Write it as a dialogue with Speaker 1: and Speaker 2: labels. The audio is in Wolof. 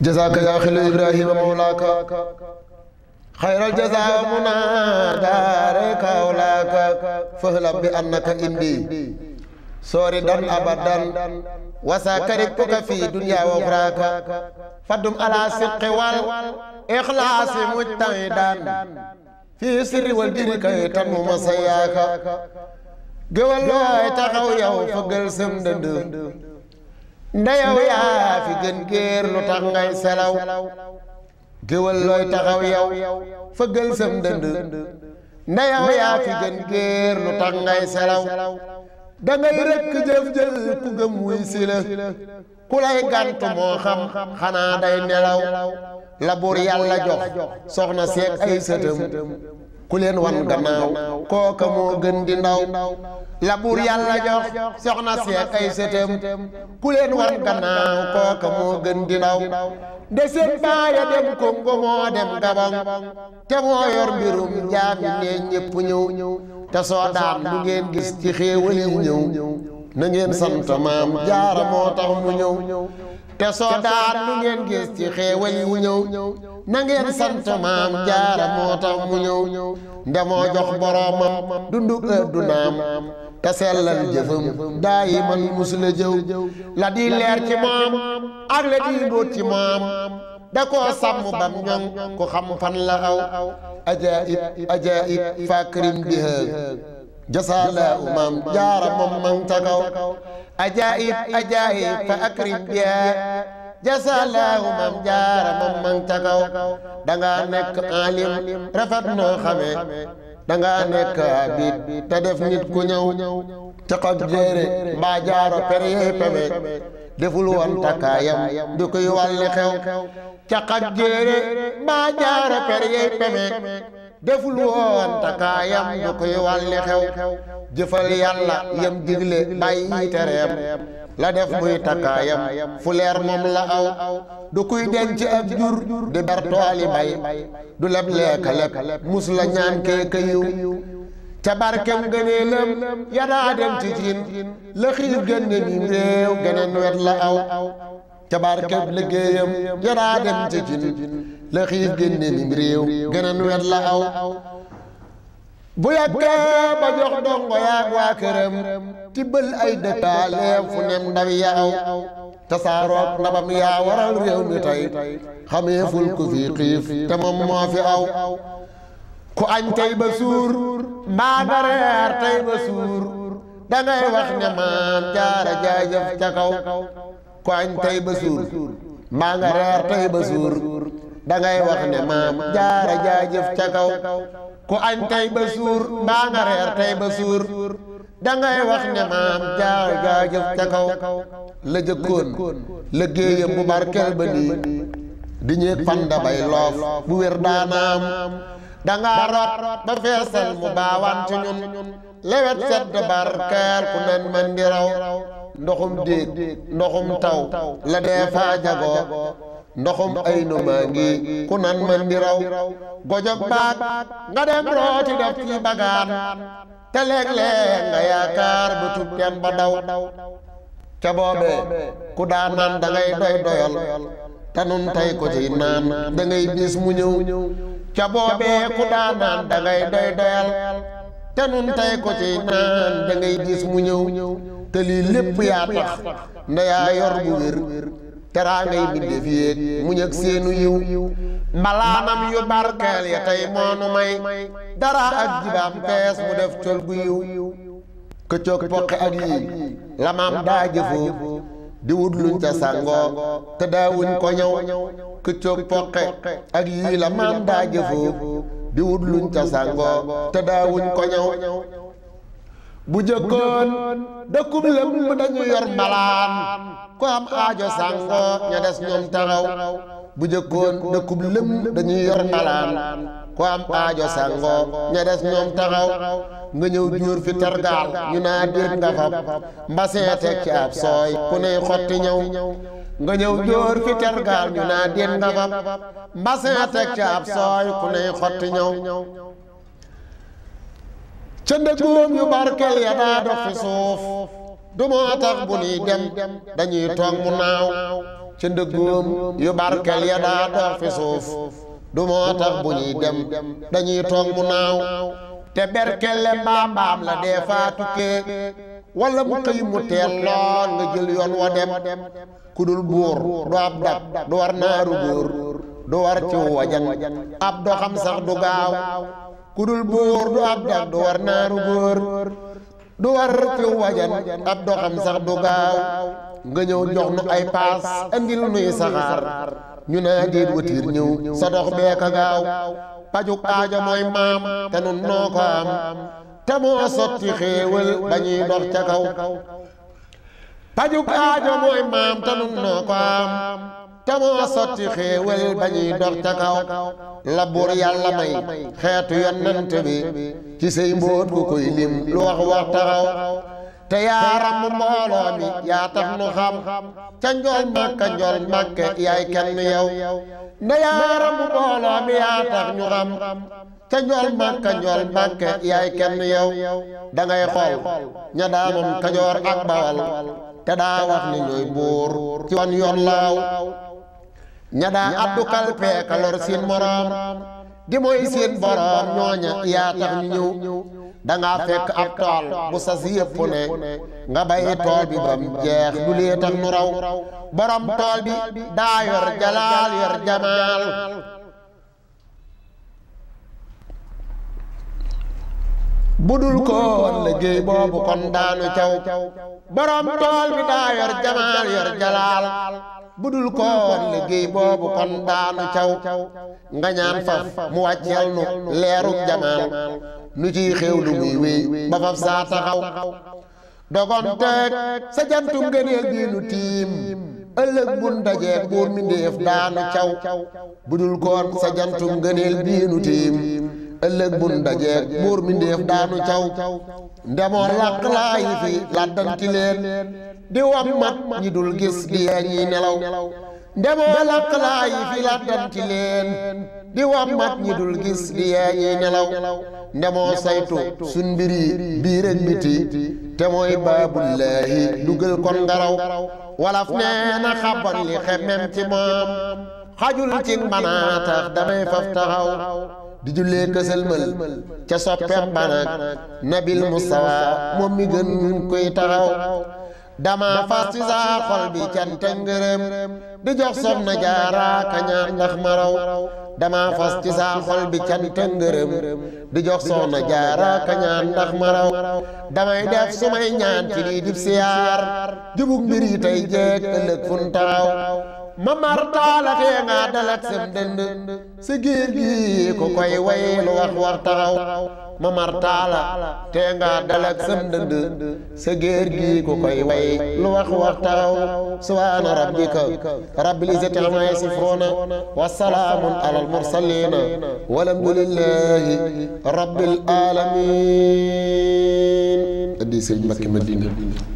Speaker 1: جزاك يا خليل إبراهيم مولاك خير الجزاء منا دارك أولاك فاهلم بأنك إندي سوردا أبدا وساكرتك في دنيا وأخراك فدم على الصدق والإخلاص مجتهدا في سر والبر كي تنم مسياك géwal looy taxaw yow fëggal sëm dënd ndeyow yaa fi gën géer lu tax ngay selaw géwal looy taxaw yow
Speaker 2: fëggal sam dënd
Speaker 1: ndeyow yaa fi gën géer lu tax ngay selaw da ngay rëkk jëf-jël ku gëm wuy si ku lay gànt moo xam xanaa day nelaw la buur yàlla jox soxna seeg ay sëtam ku leen wan gannaaw kooka moo gën di ndaw la buur yàlla jox soxna seet ay sëtëm ku leen wan gannaaw kooka moo gën di ndaw de seen baaya dem Kongo moo dem Gabon te moo yor mbirum jaami ne ñëpp ñëw te soo daan lu ngeen gis ci xéewal yi ñëw na ngeen sant maam jaara moo tax mu ñëw te soo daan lu ngeen gis ci xéewal yi ñëw na sant maam jaara moo tax mu ñëw ndemoo jox boroomam dundu addunaam te sellal jëfam daayi man musula jëw la di leer ci moom ak la di mbóot ci moom da koo sàmm bam ñoŋ ku xam fan la aw ajaib ajaib fakrim biha jasalaa umam jaara moom mang ca kaw ajaayib ajaayib fa akrim biha
Speaker 2: jasalaa
Speaker 1: jaara moom mang ca kaw danga nekk alim rafet noo xame danga nekk abid te def nit ku ñëw ca xob jéere mbaa jaaro pere yey peme deful woon takkaayam du koy wàlli xew ca xob mbaa jaaro pere yey peme deful woon takaayam du koy wàlli xew jëfal yàlla yam digle bàyyi tereem la def muy takaayam fu leer moom la aw du kuy denc ab jur di ber bay du leb leeka leb mus la ñaan keeka yiw ca barkem gënee lëm yadaa dem ci cin la xiif gënne mi réew geneen wet la aw ca barkem liggéeyam yadaa dem ci cin la xiif génne réew geneen wet la aw bu yàgga ba jox dongo yaag waa këram tibbal ay dëkkaaleem fu nem ndaw ya aw tasaaroog ndabam yaa waral réew mi tey xamee ful fi xiif te moom fi aw ku añ tey ba suur mbaa nga reer ba suur dangay wax ne maam jaara jaajëf ca kaw ku añ tey ba suur mbaa nga reer ba suur dangay ngay wax ne maam jaara jaajëf ca kaw ku añ tey ba suur mbaa nga reer tey ba suur da wax ne maam jaara jaajëf ca kaw la jëkkoon liggéeyam bu barkeel ba nii di ñeeg fan da bay loof bu wér daanaam da ngaa rot ba feesal mu baawaan ci ñun sedd barkeel ku nen man di raw ndoxum déeg ndoxum taw la dee faa jagoo ndoxum ay nu maa ngi ku nan man di raw gojog baat nga dem rooti def ci bagaan te léeg-léeg nga yaakaar bu tub teen ba daw ca boobe ku daa naan da ngay doy doyal te nun tey ko ci naan da bis mu ñëw ca boobe ku daa naan da doy doyal te nun tey ko ci naan da bis mu ñëw te lii lépp yaa tax nda yaa yor bu wér teraangay mbindéef yéen muñ ak seenu yiw mbalaanam yu barkeel ya tey moonu may dara ak jibaam pees mu def col gu yiw këccoog poqi ak yi lamaam daa jëfoo di wut luñ ca sàngoo te daawuñ ko ñëw këccoog poqe ak yii lamaam daa jëfoo di wut luñ ca sàngoo te daawuñ bu jëkkoon dëkkub lëmb dañu yor malaan ko am aajo sàngo ña des ñoom taxaw bu jëkkoon dëkkub lëmb dañuy yor malaan ko am aajo sàngo ña des ñoom taxaw nga ñëw jóor fi tergaal ñu naa déet nga fab mbasee teg ci sooy ku ney xotti ñëw nga ñëw jóor fi tergaal ñu naa déet nga fab mbasee teg ci sooy ku ney xotti ñëw ca dëkkoom yu barkel ya daa dox fi suuf du moo tax bu nuy dem dañuy toog mu naaw ca dëkkoom yu barkel ya daa dox fi suuf du moo tax bu ñuy dem dañuy toog mu naaw te berkelle mbaam la dee faa tukkee wala mu xëy mu teel lool jël yoon wa dem ku buur du ab dab du war naaru góor du war ci wajang ab doxam sax du gaaw ku dul buur du ab dab du war naaru góor du war fiw wajan ab doxam sax du gaaw nga ñëw jox nu ay paas andil nuy saxaar ñu naa déet watiir ñëw sa dox beeka gaaw pajuk aajo mooy maam te nun noo ko am te moo sotti xéewal ba dox ca kaw pajuk aajo mooy maam te nun noo ko am tamoo sotti xéewal ba ñuy dox ca kaw la buur yàlla may xeetu yonent bi ci say mbóot ku koy lim lu wax wax taxaw te yaaram mbooloo mi yaa tax nu xam ca njool màkka njool màkka yaay kenn yow nda yaaram mbooloo mi yaa tax ñu xam ca njool màkka njool màkka yaay kenn yow da ngay ña daamam kajoor ak bawal te daa wax ni ñooy buur ci wan yoon ña daa addu kalpe kalor seen moroom di mooy seen boroom ñooña yaa tax ñu ñëw danga fekk ab tool bu sas yépp ne nga bay tool bi bam jeex du lee nu raw borom tool bi daa yor jalaal yor jamaal budul koon liggéey boobu kon daanu caw borom tool bi daa yor jamaal yor jalaal budul koor liggéey boobu kon daanu caw nga ñaan faf mu wàcceel nu leerug jamaal nu ciy xéew lu muy wéy ba faf saa taxaw dogonteeg sa jantum ngëneel bii nu tiim ëllëg bun dajeeg buur mi daanu caw budul koor sa jantum ngëneel bii nu tiim ëllëg bu ndajeek buur mi ndéef daanu caw ndemoo làq laa yi fi leen di wam mat ñi dul gis di yee ñiy nelaw ndemoo làq laa yi fi làddanti leen di wam mat ñi dul gis di yee ñiy nelaw ndemoo saytu sun mbir yi biti te mooy baabullaahi dugal kon ngaraw walaf nee na xabar li xemem ci moom xajul ci manaatax damay faf taxaw di jullee kësalmal ca soppeem banak nabil mustawa moom mi gën koy taxaw dama fas ci saa xol bi canta ngërëm di jox som na jaara ndax maraw dama fas ci saa xol bi canta ngërëm di jox soxna jaara kañaan ndax maraw damay def su may ñaan ci lii dib siyaar jubug mbir yi tey jeeg ëllëg fun taxaw ma taalatee tee nga dalak sa dënd sa géer gi ku koy way lu wax war taxaw subhaana rabbika rabbil izzati amma yasifuuna wa salaamun alal mursaliina walhamdulillaahi rabbil aalamiin addi sëñ Mbakke Madina